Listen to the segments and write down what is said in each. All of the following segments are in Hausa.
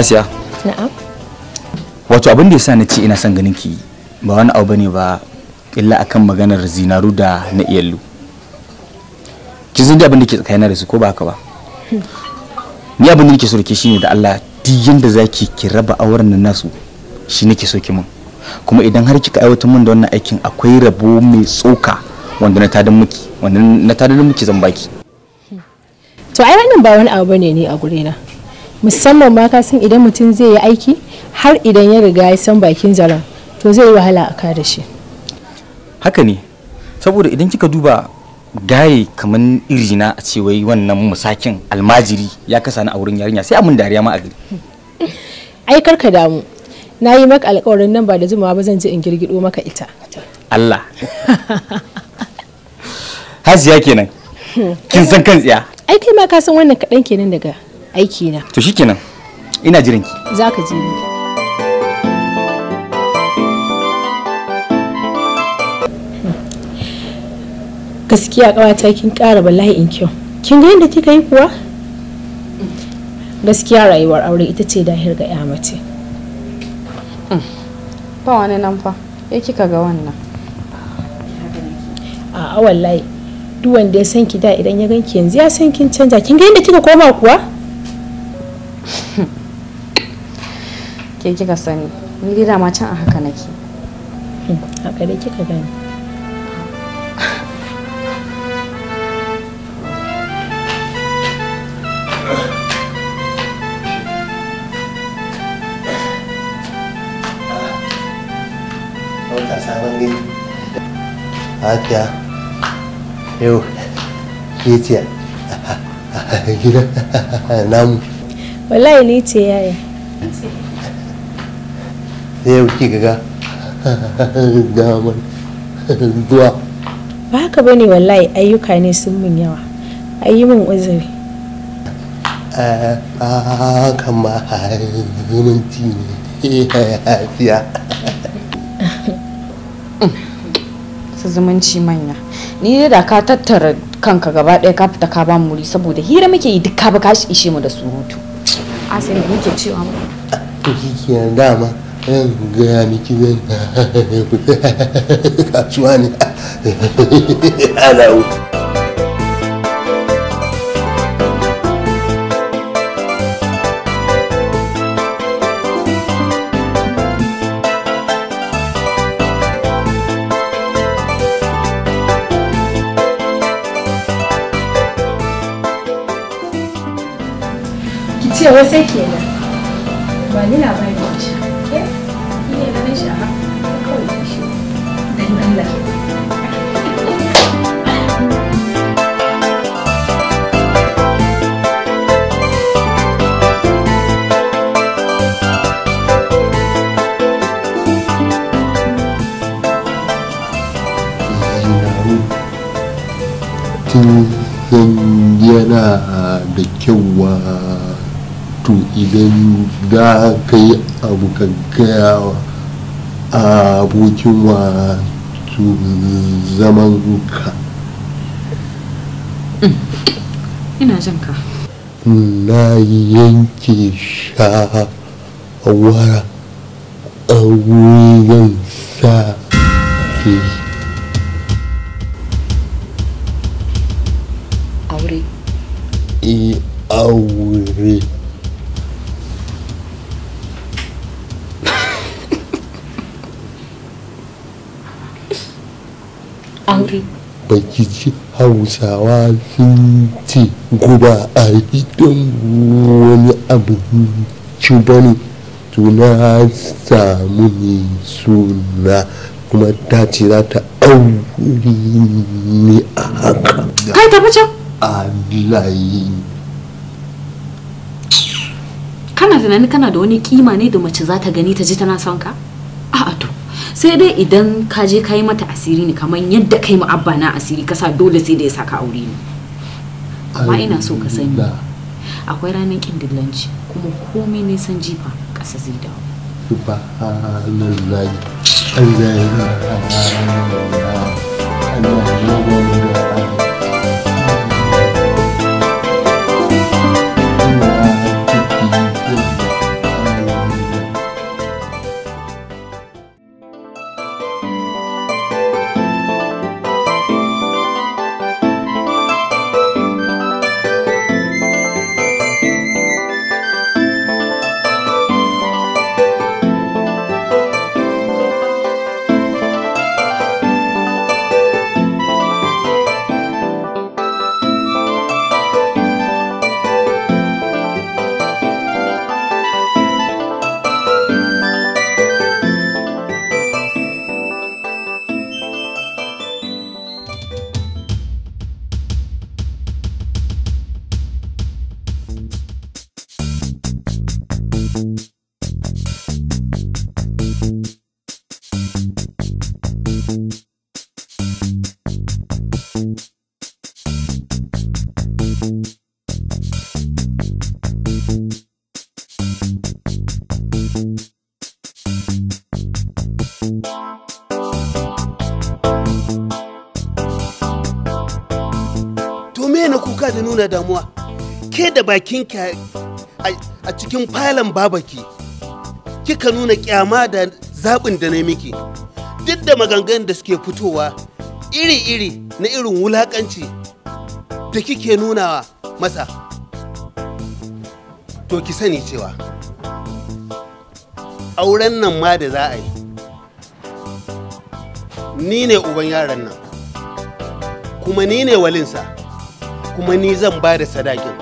Asiya. Na'am. Wato abin da yasa na ce ina son ganin ki ba wani abu bane ba illa akan maganar zinaru da na iyallu. Ki zai abin da ke tsakanina da su ko ba haka ba. Ni abin da nake so ke shine da Allah duk yanda zaki ki raba auren nan nasu shi nake so ki mun. Kuma idan har kika aiwatar mun da wannan aikin akwai rabo mai tsoka wanda na tadan miki wanda na miki zan baki. To ai wannan ba wani abu bane ni a gurena. musamman ma kasan idan mutum zai yi aiki har idan ya riga ya san bakin zaren to zai yi wahala a kada shi haka ne saboda idan kika duba gaye kamar irina a ce wai wannan musakin almajiri ya kasa ni a wurin yarinya sai amun dariya ma a gari ai karka damu na yi maka alkawarin nan ba da zuma ba zan je in girgido maka ita Allah haziya kenan kin san kan tsiya ai kai ma ka san wannan kaɗan kenan daga aiki na to shikenan ina jiran ki zaka ji ni gaskiya kawata kin ƙara bala'in kyau kin ga yadda kika yi kuwa gaskiya rayuwar aure ita ce dahir ga ya mace ba wani nan fa ya kika ga wannan a wallahi duk wanda ya san ki da idan ya ganki yanzu ya san kin canja kin ga yadda kika koma kuwa ke kika sani ni dai dama can a haka nake haka dai kika gani yau, ke ce, gida namu. wallahi ni ce yaya yau ki ga damar zuwa ba haka bane wallahi ayyuka ne sun mun yawa ayi mun uzuri a kama zumunci ne hafiya su zumunci manya ni da ka tattara kanka gaba ɗaya ka fita ka ba muri saboda hira muke yi duk ka ba ka ishe mu da surutu asali muke cewa mu to shi ke dama yan gaya miki zan kasuwa ne ana wuce ce wai sai kenan ba ni labari ce ke eh? ne ganin shi a haka kawai shi dan Allah yana ah, da kyau ah, to idan da ka yi abu ka gaya wa abokin wato zaman ka ina jan ka na yanke shawara a wuyan sa ke aure e aure bakici hausawa sun ce guba a gidan wani ci bane na samu ne suna kuma ta ce za ta auri ne a haka kai tafi can alayi kana tunani kana da wani kima ne da mace za ta gani ta ji tana son ka a'a to sai dai idan ka je ka yi mata asiri ne kamar yadda kai mu abba na asiri kasa sa dole sai da ya saka aure ne amma ina so ka sani akwai ranar kin dillanci kuma komai ne san jifa ƙasa zai dawo ba da nuna damuwa ke da bakin ka a cikin falon babaki kika nuna kyama da zaɓin da na miki duk da maganganun da suke fitowa iri-iri na irin wulakanci da kike nunawa masa to ki sani cewa auren nan ma da za a yi ni ne uban yaran nan kuma ni ne walinsa kuma ni zan ba da sadakin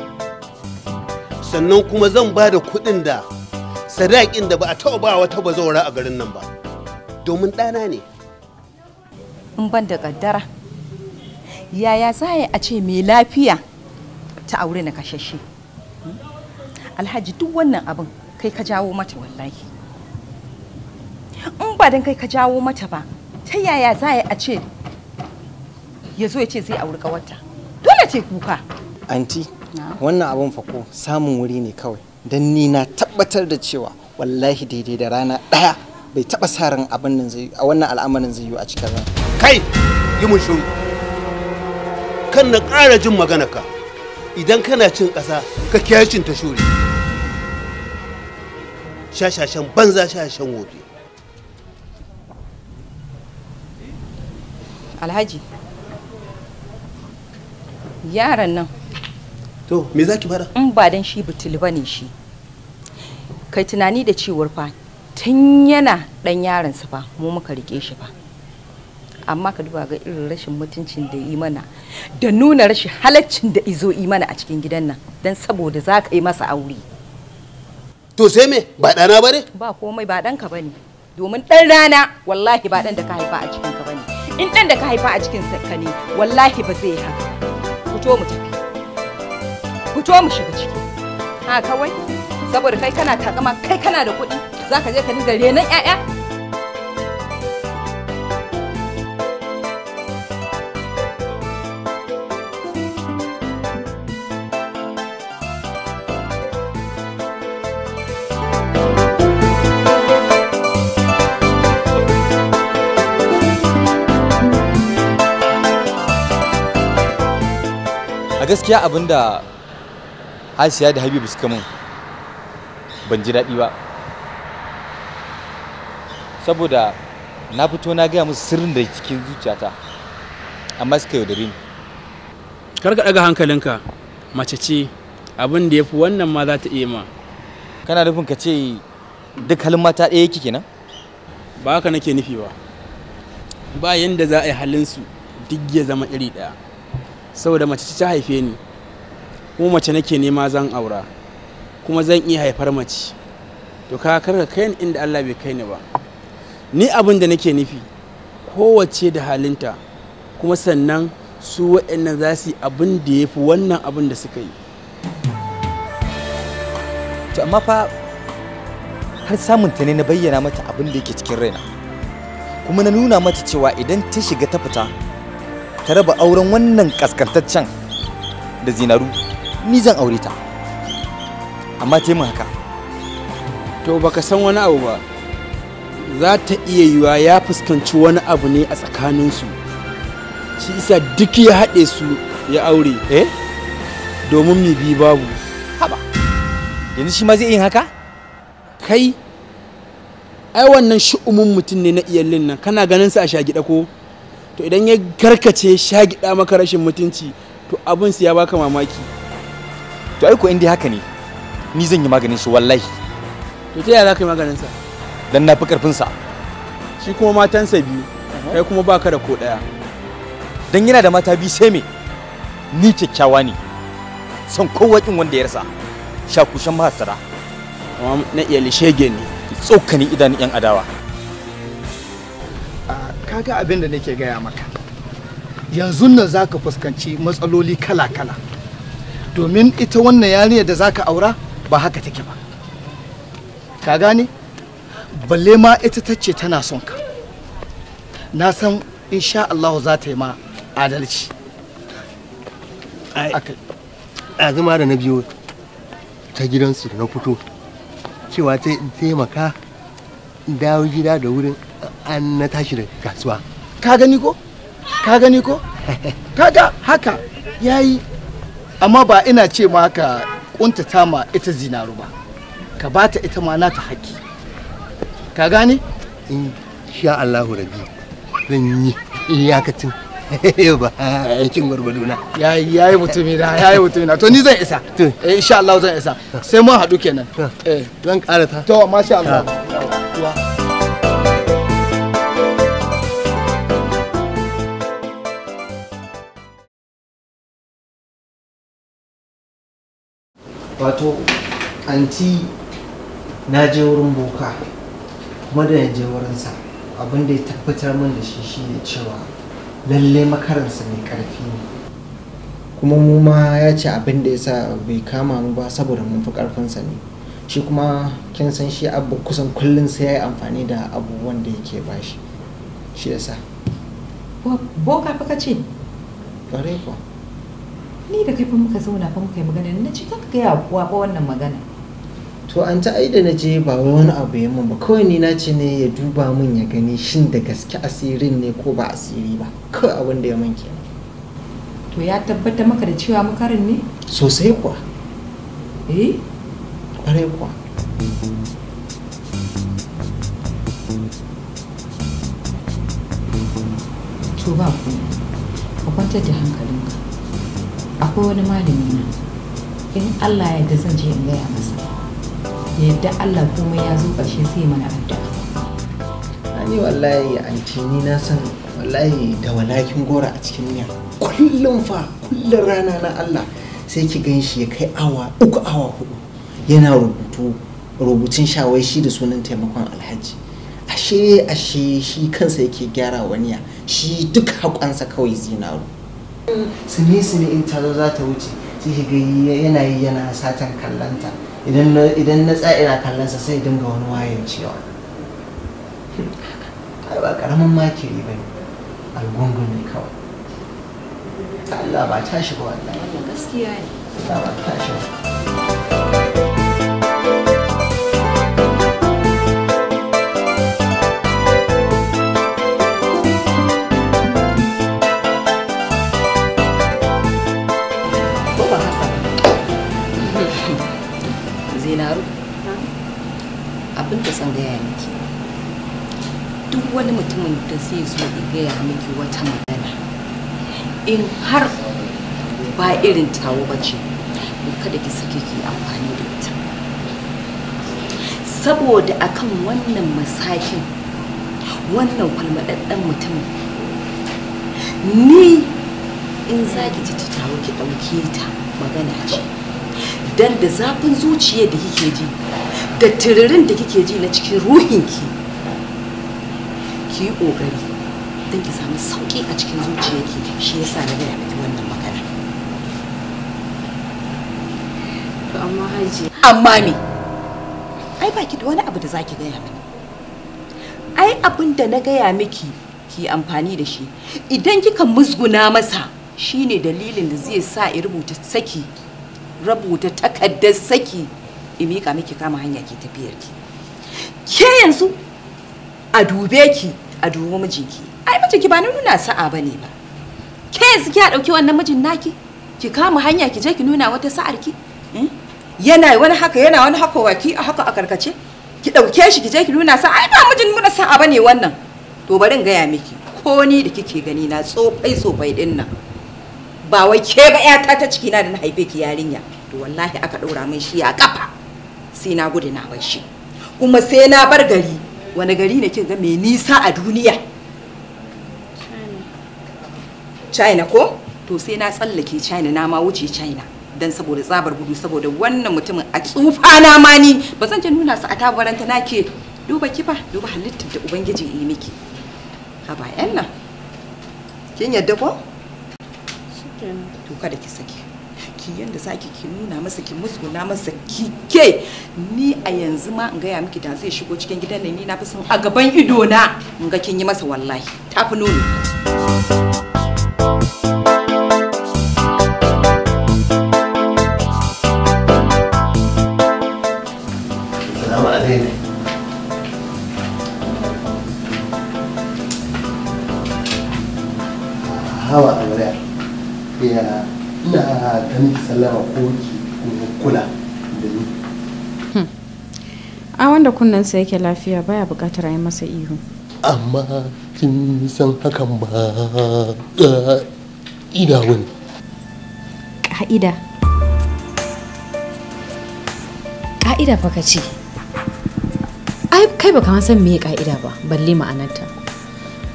sannan kuma zan ba da kuɗin da sadakin da ba a taɓa ba wata bazawara a garin nan ba domin ɗana ne in ban da ƙaddara yaya za a ce mai lafiya ta aure na kashashe alhaji duk wannan abin kai ka jawo mata wallahi in ba don kai ka jawo mata ba ta yaya za a ce ya zo ya ce zai auri ƙawarta dole ce kuka anti wannan abun fako samun wuri ne kawai don ni na tabbatar da cewa wallahi daidai da rana ɗaya bai taba sa ran abin nan zai a wannan al'amarin zai yi a cikin ran kai yi mun shiru kan na ƙara jin magana ka idan kana cin ƙasa ka cin ta shuri shashashan banza shashashan wofi alhaji yaran nan to me zaki fara in ba dan shi ba bane shi kai tunani da cewar fa tun yana dan yaron sa fa mu muka rike shi fa amma ka duba ga irin rashin mutuncin da yi mana da nuna rashin halaccin da izo yi mana a cikin gidan nan don saboda za ka yi masa aure to sai me ba ɗana ba ne ba komai ba danka ba ne domin dan rana wallahi ba dan da ka haifa a cikin ka ba ne in dan da ka haifa a cikin ka ne wallahi ba zai haka fito mu tafi fito mu shiga ciki ha kawai saboda kai kana takama kai kana da kuɗi zaka je ka dinga renon 'ya'ya gaskiya abinda Asiya da Habibu suka min ban ji daɗi ba saboda na fito na gaya musu sirrin da cikin zuciyata amma suka yaudare ni kar ka ɗaga hankalinka mace ce abin da ya fi wannan ma za ta iya ma kana nufin ka ce duk halin mata ɗaya yake kenan ba haka nake nufi ba ba yanda za a yi halinsu duk ya zama iri ɗaya saboda mace ta haife ni kuma mace nake nema zan aura kuma zan iya haifar mace to ka karka kai ni inda Allah bai kai ni ba ni abin da nake nufi kowace da halinta kuma sannan su waɗannan za su abin da ya fi wannan abin da suka yi to amma fa har samun ta ne na bayyana mata abin da yake cikin raina kuma na nuna mata cewa idan ta shiga ta fita ta raba auren wannan kaskantaccen da zinaru ni zan aure ta amma mu haka to baka san wani abu ba za ta iya yiwa ya fuskanci wani abu ne a tsakaninsu shi isa duk ya haɗe su ya aure eh domin mi bi babu haba yanzu shi ma zai yin haka kai ai wannan shi'umin mutum ne na iyalin nan kana ganin sa a shagida ko to idan ya karkace shagida maka rashin mutunci to abin su ya baka mamaki to ai ko inda haka ne ni zan yi maganin su wallahi to ta yaya za ka yi maganin sa dan na fi karfin sa shi kuma matansa biyu kai kuma baka da ko daya dan yana da mata biyu sai me ni kyakkyawa ne san kowakin wanda ya rasa shakushan mahasara amma na iya lishege ne tsokani idan yan adawa kaga abin da nake gaya maka yanzu nan zaka fuskanci matsaloli kala-kala domin ita wannan yarinya da zaka aura ba haka take ba ka gane balle ma ita ta ce tana son ka na san insha Allah za ta yi ma adalci a zama da na biyo ta gidansu da na fito cewa ta taimaka dawo gida da wurin an na tashi da kasuwa ka gani ko ka gani ko kaga haka yayi amma ba ina ce ma ka kuntata ma ita zinaru ba ka bata ita ma nata haki ka gani in sha Allahu rabbi zan yi iyakacin ba cin gwargwadona yayi yayi mutumi na yayi mutumi na to ni zan isa to eh, insha Allah zan isa sai mu haɗu kenan eh zan ƙara ta to masha Allah wato anti na je wurin boka kuma da je wurinsa abin da ya tabbatar min da shi shi ne cewa lalle makaransa mai karfi ne kuma mu ma ya ce abin da ya sa bai kama mu ba saboda mun fi karfinsa ne shi kuma kin san shi abu kusan kullum sai ya yi amfani da abubuwan da yake bashi shi yasa boka fa ka ce ƙwarai kuwa ni da kaifin muka zauna fa muka yi magana na ce kanka ga yawa ba wannan magana to an ta aida na je ba wani abu ya mun ba kawai ni na ce ne ya duba mun ya gani shin da gaske asirin ne ko ba asiri ba kawai abin da ya mun kenan to ya tabbata maka da cewa makarin ne sosai kuwa eh kwarai kuwa to ba ku ka kwantar da hankalinka akwai wani malami na in allah yadda zan je in gaya masa yadda allah kuma ya zo ƙarshe sai mana addu'a ni wallahi anti ni na san wallahi da walakin gora a cikin miya kullum fa kullum rana na allah sai ki gan shi ya kai awa uku awa hudu yana rubutu rubutun shawai shi da sunan taimakon alhaji ashe ashe shi kansa yake gyara waniya shi duk haƙansa kawai zinaru sumi sumi in ta zo za ta wuce sai ki yana yi yana satan kallanta idan na idan ina kallansa sai dinga wani wayan cewa ai ba karamin Allah ba gaskiya ne Allah ba ta shiga miki duk wani mutumin da zai zo ya gaya miki wata magana in har ba irin tawo ba ce kada ki sake ki amfani da ita saboda akan wannan masakin wannan kwalmadaddan mutumin ni in za ki ji ta tawo ki ɗauke ta magana ce don da zafin zuciya da kike ji da tiririn da kike ji na cikin ruhinki ki yi ƙoƙari don ki samu sauƙi a cikin zuciyarki shi yasa na gaya miki wannan magana to amma haji amma me ai baki da wani abu da zaki gaya mini ai abin da na gaya miki ki amfani da shi idan kika musguna masa shine dalilin da zai sa ya rubuta saki rubuta takaddar saki in miƙa miki kama hanya ki tafiyar ki ke yanzu a dube ki a dubi mijinki ai mijinki ba na nuna sa'a bane ba ke yanzu ki dauki wannan mijin naki ki kama hanya ki je ki nuna wata sa'ar ki hmm? yana wani haka yana wani haka waki a haka a karkace ki dauke shi ki je ki nuna sa ai ba mijin nuna sa'a bane wannan to bari in gaya miki ko ni da kike gani na tsofai tsofai din nan ba wai ke ba 'yata ta ciki na da na haife ki yarinya to wallahi aka ɗora min shi a kafa sai na gudu na bar shi kuma sai na bar gari wani gari ne kin ga mai nisa a duniya china ko to sai na tsallake china na ma wuce china dan saboda tsabar gudu saboda wannan mutumin a tsufa na ma ni ba zan je nuna su a tabaranta nake duba kifa duba halittar da ubangiji yi miki haba yan nan kin yadda ko to kada ki sake ki yanda saki ki nuna masa ki musguna masa ki ni a yanzu ma in gaya miki da zai shigo cikin gidan nan ni na fi son a gaban ido na in ga kin yi masa wallahi tafi nuni. ko kula a hmm. wanda sa yake lafiya baya bukatar a yi masa ihu amma kin san hakan ba ƙa'ida wani ka'ida ƙa'ida fa ka ce ai kai baka san me ƙa'ida ba balle ma'anarta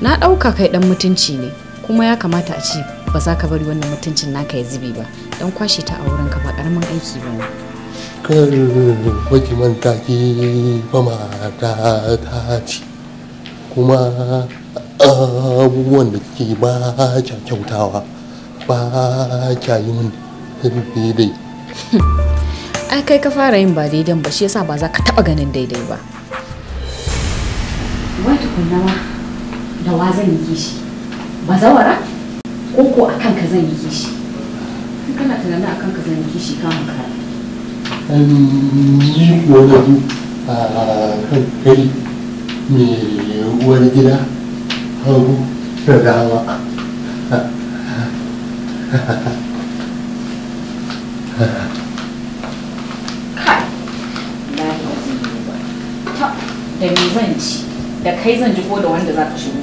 na ɗauka kai ɗan mutunci ne kuma ya kamata a ce ba za ka bari wannan mutuncin naka ya zube ba don kwashe ta a wurin ba karamin aiki ba ne kar ki ba ma ta ce kuma abubuwan da ke ba kya kyautawa ba kya yi min daidai ai kai ka fara yin ba daidan ba shi yasa ba za ka taba ganin daidai ba wai tukunna da wa zan yi shi bazawara ko ko a kanka zan yi kishi kana tunanin a kanka zan yi kishi ka hankali ni kuwa da ku a kan kai mai uwar gida hagu da dama da me zan ci da kai zan ji ko da wanda za ka shigo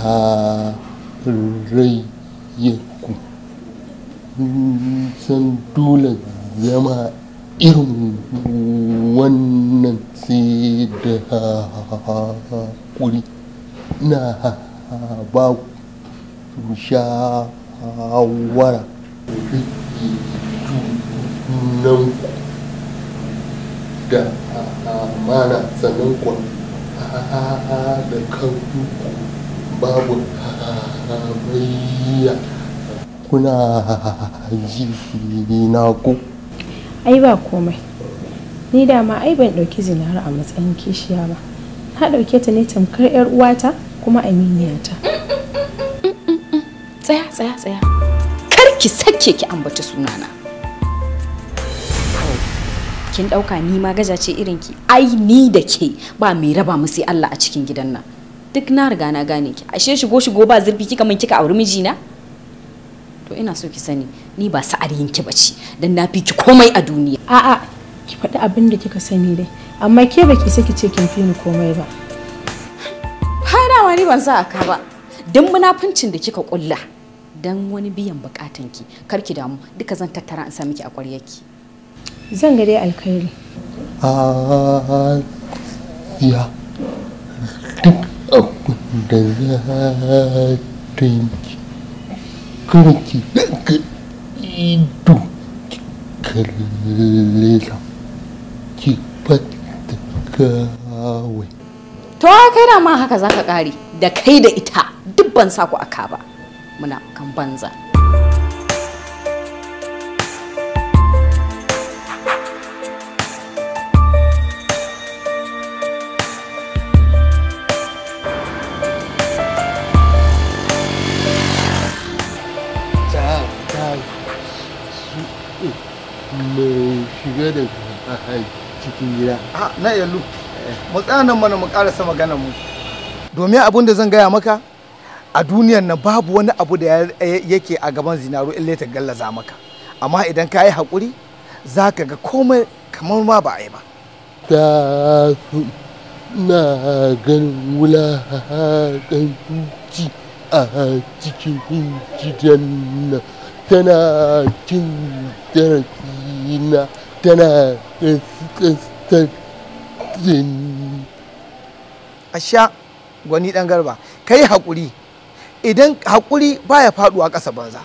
tarayyanku san dole zama irin wannan sai da haƙuri na ba ku shawara ku da amana sannan ku da kanku babu tarayya kuna ji na ku ai ba komai ni dama ma ai ban ɗauki zinari a matsayin kishiya ba na ɗauke ta ne tamkar 'yar uwata kuma aminiyata tsaya tsaya tsaya kar ki sake ki ambata sunana kin ɗauka ni ma gaja ce irinki ai ni da ke ba mai raba mu sai Allah a cikin gidan nan duk na riga na gane ki ashe shigo shigo ba zurfi kika min kika auri mijina to ina so ki sani ni ba sa'ariyin ki bace dan na fi ki komai a duniya a'a ki faɗi abin da kika sani dai amma ke baki ki ce kin fi ni komai ba da ni ban sa aka ba dan munafincin da kika kulla dan wani biyan bukatan ki kar ki damu duka zan tattara in sa miki a ki. zan ga dai alkhairi A ya da zatin kanki daga ido kallela ki fata kawai to kai da ma haka zaka kare da kai da ita duk ban sa ku aka ba muna kan banza cikin gida ah, a eh, mana mu ƙarasa magana mu domin abin da zan gaya maka a duniyar na babu wani abu da yake a gaban zinaru in ta gallaza maka amma idan ka yi haƙuri za ka ga komai kamar ma ba a yi ba ta na ganin wulaƙanci a cikin gidan na tana cin darasi na tana ƙasƙas a sha gwani dan garba kai haƙuri idan haƙuri baya a ƙasa banza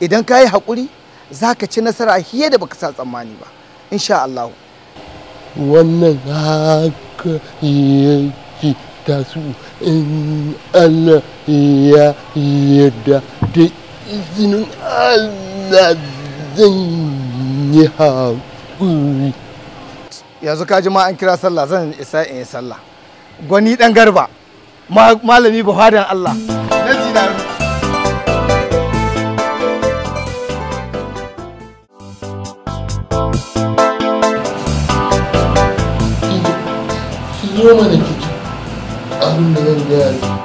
idan ka yi hakuri za ka ci nasara hiye da baka sa tsammani ba insha Allah wannan haka yake tasu in Allah ya yarda da izinin Allah zan yi haƙuri yanzu ka ji ma an kira sallah zan isa in yi sallah gwani dan garba malami buhadan allah na yo mana abin da zan gaya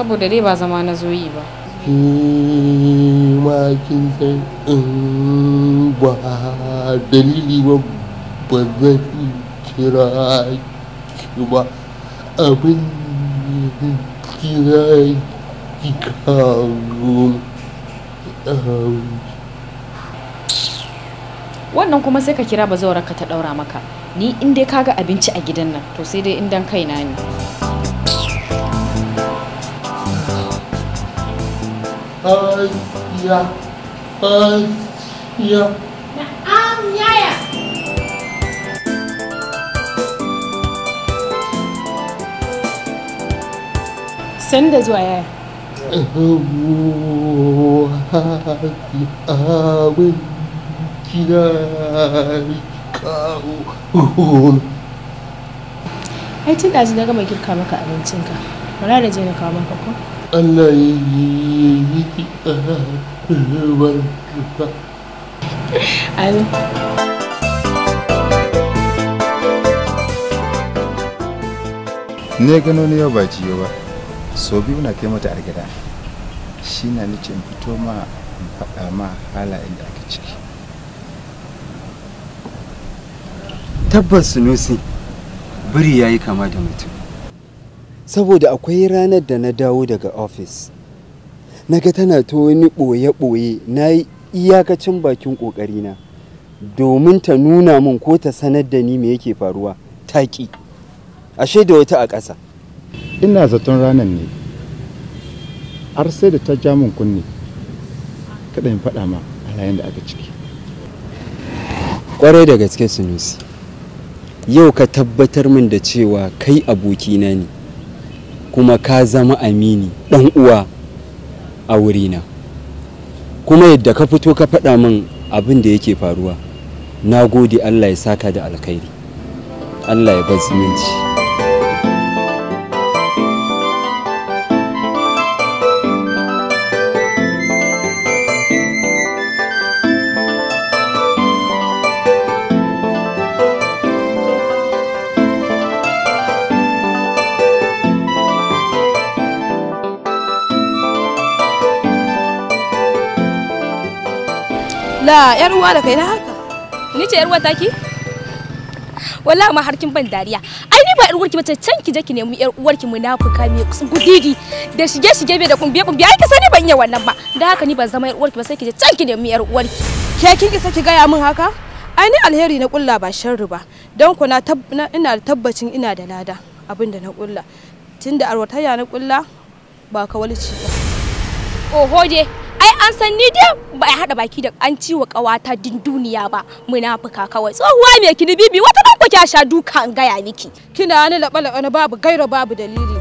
saboda dai ba zama na zoyi yi ba ma kin san in ba dalili ba ba zan kira ki ba abin kira ki kawo wannan kuma sai ka kira ba zaurarka ta daura maka ni in dai ga abinci a gidan nan to sai dai in dan kaina ne Asiya, Asiya. Na'am yaya. Sanda zuwa yaya. abin gida kawo. Ai tun daji na gama girka maka abincinka. Bara da je na kawo maka ko? Allah ya yi Ne gano ne yau ba jiyo ba, so biyu na kai mata a gida. Shi na nace fito ma faɗa ma halayen da aka ciki. Tabbas Sunusi, biri ya yi kama da mutum. saboda akwai ranar da na dawo daga ofis na ga tana ta wani ɓoye-ɓoye na yi iyakacin bakin ƙoƙarina domin ta nuna min ko ta sanar da ni me yake faruwa taƙi ashe da wata a ƙasa ina zaton ranar ne har sai da ta ja min kunne kada in faɗa ma a halayen da aka ciki ƙwarai da gaske sunusi yau ka tabbatar min da cewa kai abokina ne kuma ka zama amini ɗan uwa a wurina kuma yadda ka fito ka faɗa min abin da yake faruwa na gode allah ya saka da alkhairi allah ya bar zumunci la yar uwa da kai na haka ni ce yar uwa taki wallahi ma harkin ban dariya ai ni ba yar uwarki bace can ki je ki nemi yar uwarki na munafuka me kusan gudidi da shige shige bai da kumbiye kumbiye ai ka sani ban yi wannan ba da haka ni ban zama yar uwarki ba sai ki je can ki nemi yar uwarki ke kin isa ki gaya min haka ai ni alheri na kulla ba sharri ba don ku na ina da tabbacin ina da lada abinda na kulla tunda arwataya na kulla ba ka kawalci ba oho je an san ni dai ba a haɗa baki da an ciwo ƙawata dinduniya ba munafuka kawai tsohuwa mai kini bibi wata ɗan kwaki sha duka an gaya miki kina ni laɓa-laɓa na babu gaira babu dalili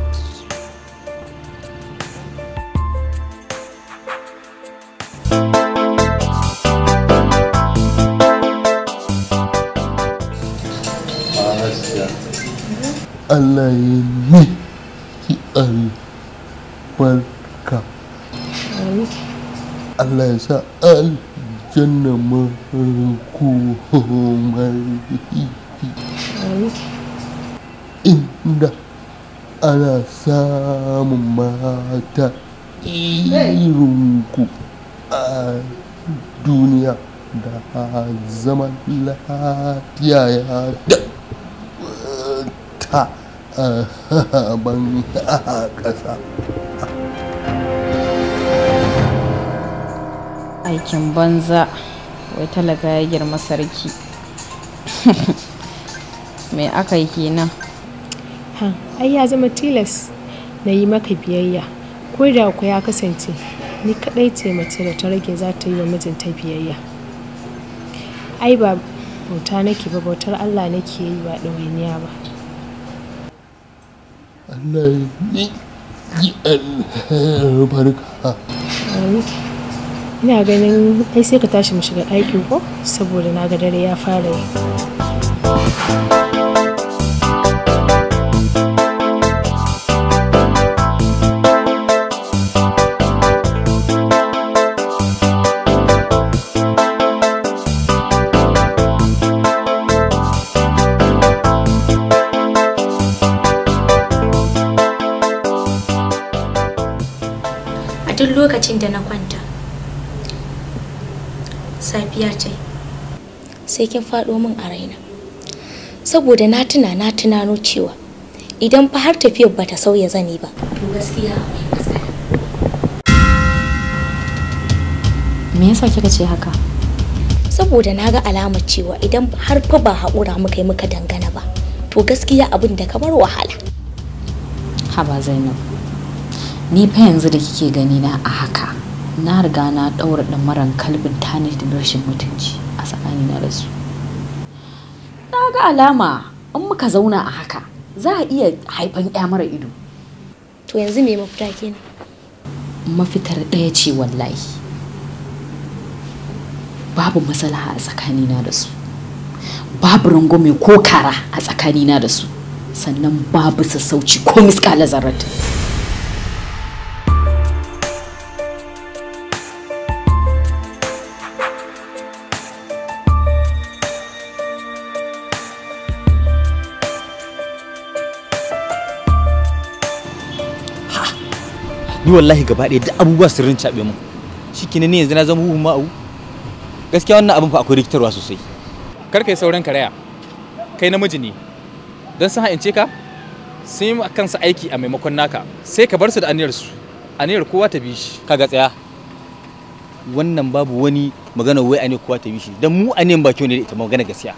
Allah ya yi Allah ya sa aljanna makomai inda ana samun mata irinku a duniya da zaman lafiya ya ta a ban ƙasa. aikin banza wai talaga ya girma sarki mai aka yi kenan ai ya zama tilas na yi maka biyayya ko da ku ya kasance ni kadai ce mace da ta rage za ta yi wa mijinta biyayya ai ba bauta nake ba bautar allah nake yi ba ɗawainiya ba Allah ya Amin. ina ganin ai sai ka tashi mu shiga ɗakin ko saboda na ga dare ya fara yi sai kin faɗo min a raina saboda na tuna na tunano cewa idan fa har tafiyar bata sauya zani ba to gaskiya me yasa kika ce haka saboda na ga alamar cewa idan har fa ba haƙura muka yi muka dangana ba to gaskiya abin da kamar wahala haba zainab ni fa yanzu da kike gani na a haka na riga na ɗaura ɗamaran kalbin tani da rashin mutunci ni na rasu na ga alama in muka zauna a haka za a iya haifan ya mara ido to yanzu me mafita kenan mafitar ɗaya ce wallahi babu matsala a tsakanina da su babu rango ko kara a tsakanina da su sannan babu sassauci ko miskala zarrata. Yi wallahi gaba ɗaya duk abubuwa sirrin caɓe mu shike ne yanzu na zama huhu ma'u gaskiya wannan abin fa akwai rikitarwa sosai kar kai sauran karaya kai namiji ne don sun ha'ince ka sun yi kansu aiki a maimakon naka sai ka bar su da aniyar su aniyar kowa ta bi shi kaga tsaya wannan babu wani magana wai aniyar kowa ta bi shi don mu aniyar ba kyau ne da ita magana gaskiya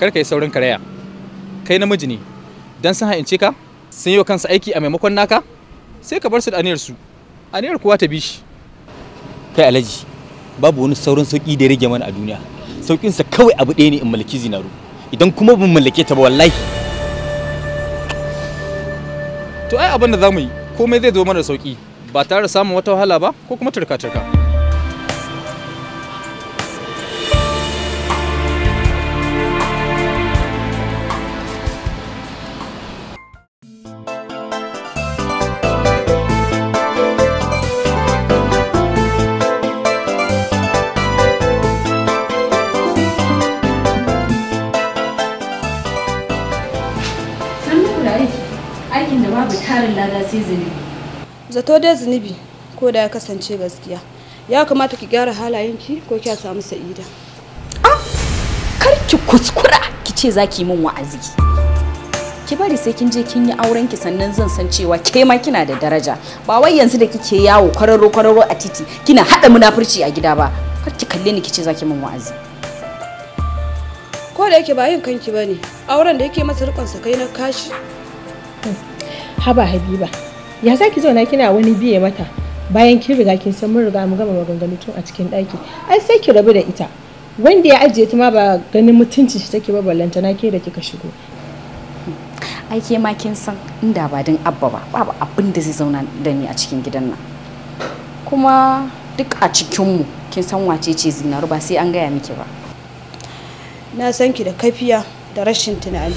kar kai sauran karaya kai namiji ne don sun ha'ince ka sun yi kansu aiki a maimakon naka sai ka bar su da aniyar su aniyar kuwa ta bi shi kai alaji babu wani sauran sauki da ya rage mana a duniya saukin sa kawai abu ɗaya ne in mallaki zinaru idan kuma ban mallake ta ba wallahi to ai abin da zamu yi komai zai zo mana sauki ba tare da samun wata wahala ba ko kuma turka turka tarin zunubi zato dai zunubi ko da ya kasance gaskiya ya kamata ki gyara halayenki ko kya samu sa'ida ah kar ki kuskura ki ce za ki min wa'azi ki bari sai kin je kin yi auren ki sannan zan san cewa ke ma kina da daraja ba wai yanzu da kike yawo kwararo kwararo a titi kina hada munafurci a gida ba kar ki kalle ni za ki min wa'azi ko da yake ba yin kanki bane auren da yake masa rikon sa kai na kashi hmm. haba habiba ya za ki zauna kina wani biye mata bayan kin riga kin san mun riga mun gama maganganu tun a cikin ɗaki ai sai ki rabu da ita wanda ya ajiye ta ma ba ganin mutunci shi take ba ballanta na ke da kika shigo ai ke ma kin san inda ba din abba ba babu abin da zai zauna da ni a cikin gidan nan kuma duk a cikin mu kin san wace ce zinaru ba sai an gaya miki ba na san ki da kafiya da rashin tunani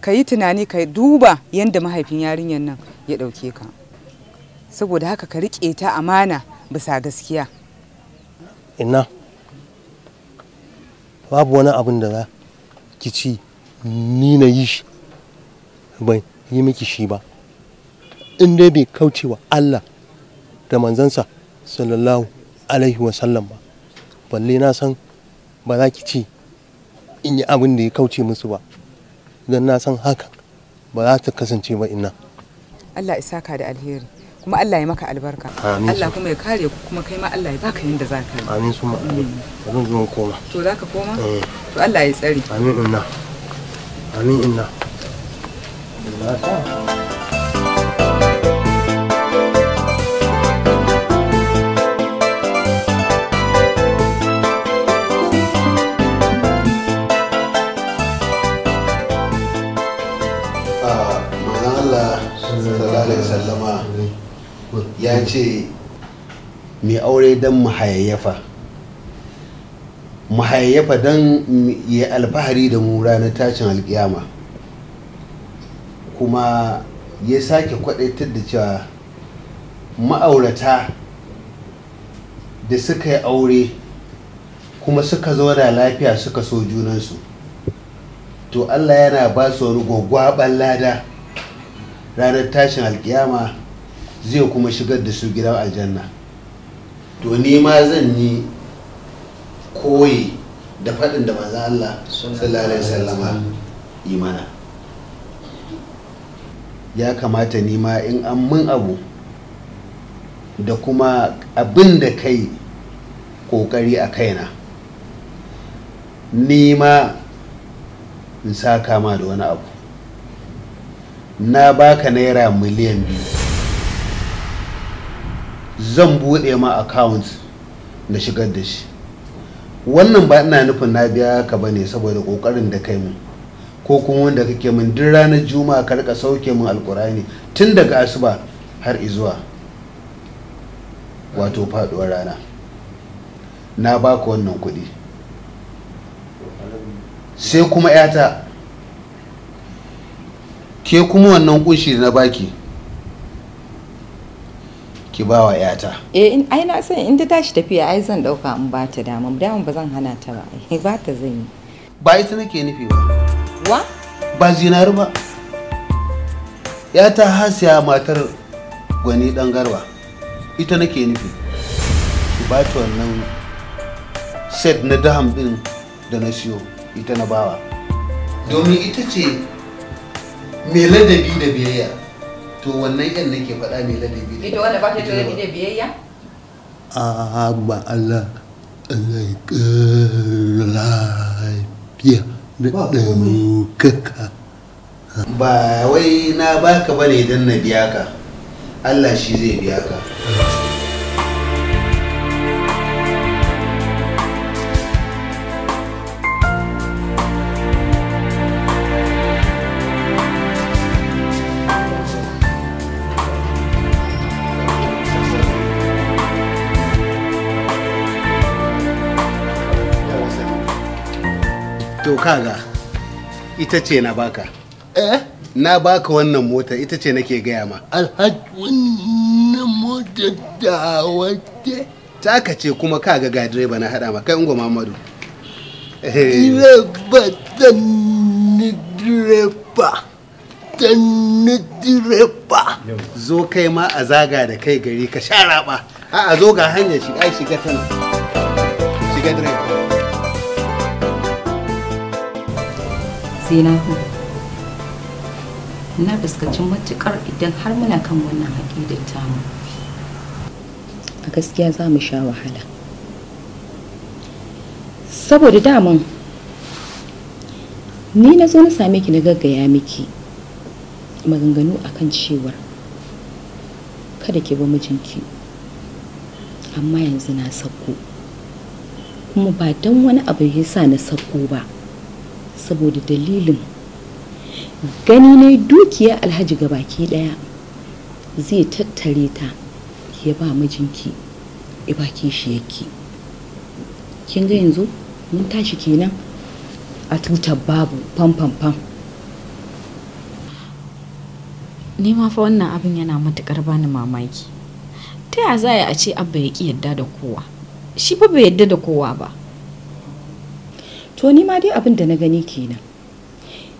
ka yi tunani ka duba yadda mahaifin yarinyar nan ya ɗauke ka saboda haka ka riƙe ta amana bisa gaskiya ina babu wani abin da za ki ci ni na yi shi bai yi miki shi ba in dai bai kaucewa Allah da manzansa sallallahu alaihi wasallam ba balle na san ba za ki ci in yi abin da ya kauce musu ba don na san hakan ba za ta kasance ba ina Allah isa ka da alheri kuma Allah ya maka albarka Allah kuma ya kare ku kuma kai ma Allah ya baka yanda za ka yi amin su ma zan zo koma to za ka koma eh. to Allah ya tsare amin inna amin inna Allah ya sallallahu ya ce mai aure don mu hayayyafa mu hayayyafa don ya alfahari da mu ranar tashin alkiyama kuma ya sake kwadaitar da cewa ma'aurata da suka yi aure kuma suka zauna lafiya suka so junansu to allah yana ba su wani gwagwaban lada ranar tashin alkiyama zai kuma shigar da su gidan aljanna to ni ma zan yi koyi da faɗin da maza Allah sallallahu alaihi wasallama yi ya kamata ni ma in an mun abu da kuma abin da kai ƙoƙari a kaina ni ma in saka ma da wani abu na baka naira miliyan biyu zan buɗe ma account na shigar da shi wannan ba ina nufin na biya ka ba ne saboda ƙoƙarin da kai mun ko kuma wanda kake min duk ranar juma'a ka sauke min alkurani tun daga asuba har izuwa wato faduwar rana na baka wannan kuɗi sai kuma 'yata ke kuma wannan kunshi na baki ki ba wa yata eh ai na san in ta tashi tafiya ai zan dauka in ba ta dama dama ba zan hana ta ba ai ba ta zan yi ba ita nake nufi ba wa ba zinari ba yata hasiya matar gwani dan garba ita nake nufi ki ba ta wannan set na daham din da na siyo ita na bawa domin ita ce mai ladabi da biyayya to wannan yan nake faɗa mai ladabi da ita wanda ba ta ladabi da biyayya a ba Allah Allah ya ƙara lafiya da ɗaukaka ba wai na baka bane don na biya ka Allah shi zai biya ka to kaga ita ce na baka eh na baka wannan mota ita ce nake gaya ma alhaji wannan mota da wata taka ce kuma kaga ga direba na hada ma kai ungo mamadu eh. direba dan direba dan direba zo kai ma a zaga da kai gari ka sha raba a zo ga hanyar shiga shiga tana shiga direba Zainabu, na fuskacin matukar idan har muna kan wannan haƙidar tamu. A gaskiya za mu sha wahala. Saboda daman ni na zo na same ki na gaggaya miki maganganu akan cewar kada ki ba mijinki amma yanzu na sako kuma ba don wani abu ya sa na sako ba. saboda dalilin gani na dukiya alhaji ga baki daya zai tattare ta ya ba mijinki ya baki shi yake kin ga yanzu mun tashi kenan a tutar babu fam fam fam ni fa wannan abin yana matukar bani mamaki ta ya za a ce abba ya ki yadda da kowa shi fa bai yadda da kowa ba to ni ma dai abin da na gani kenan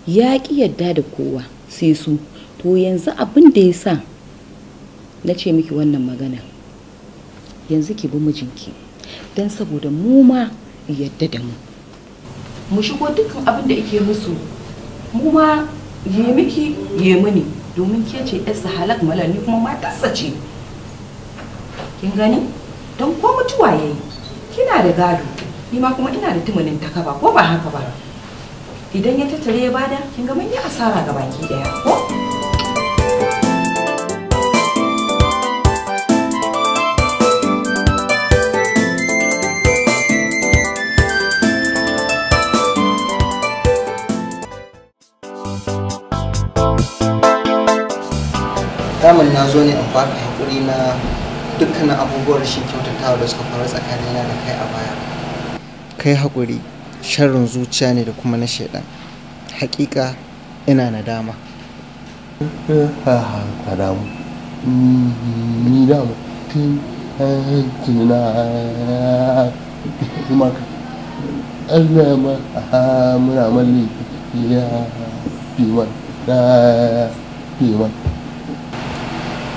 ya ƙi yadda da kowa sai su to yanzu abin da ya sa na ce miki wannan magana yanzu ki bi mijinki don saboda mu ma yadda da mu mu shigo dukkan abin da yake musu mu ma yi miki yi mini domin ke ce yarsa halak malar ni kuma matarsa ce kin gani don ko mutuwa yi kina da gado ni ma kuma ina da tumanin ta kaba ko ba haka ba idan ya tattare ya bada kin ga mun yi asara ga baki daya ko daman na zo ne a baka haƙuri na dukkanin abubuwan shi kyautatawa da suka faru tsakanina da kai a baya kai haƙuri sharrin zuciya ne da kuma na shaidan hakika ina nadama mm-hmm. dama.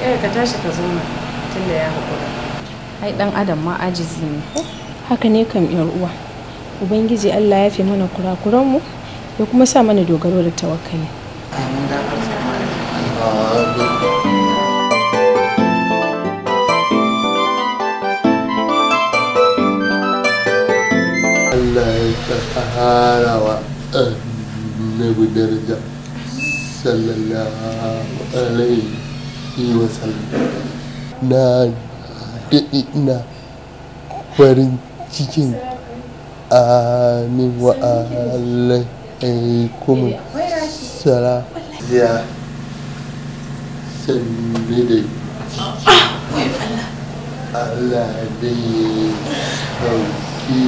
ya ka tashi ka zo tun da ya haƙura ai dan adam ma ajizi ne haka ne kam yar uwa ubangiji allah ya fi mana kurakuranmu ya kuma sa mana dogaro da tawakali Allah ya wa na daɗi farin cikin amin wa alaikum salam ya sanni da Allah dai sauki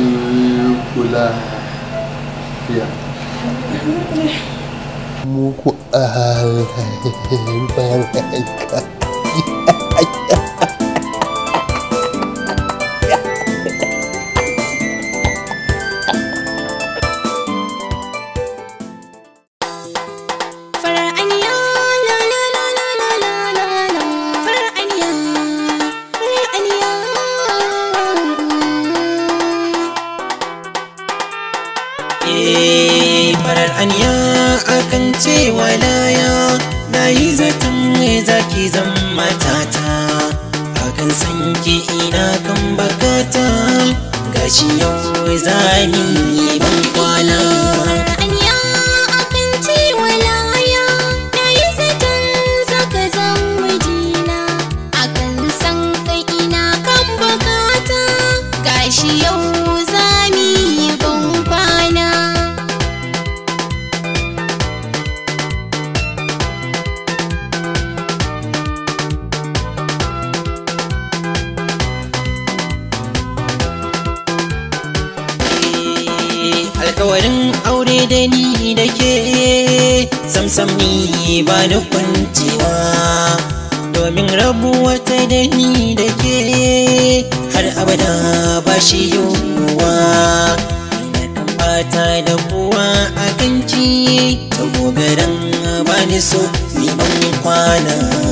kula ya muku alhaifar aika Eh, farar aniya akan ce walaya na yi zaton mai zaki zan matata akan san ki ina kan bakata gashi yau zani ban kwana ba da kwancewa domin rabuwa ta da ni da ke har abada ba shi yiwuwa na bata da kuwa a kanci ta gogaran ba ni so ni ban kwana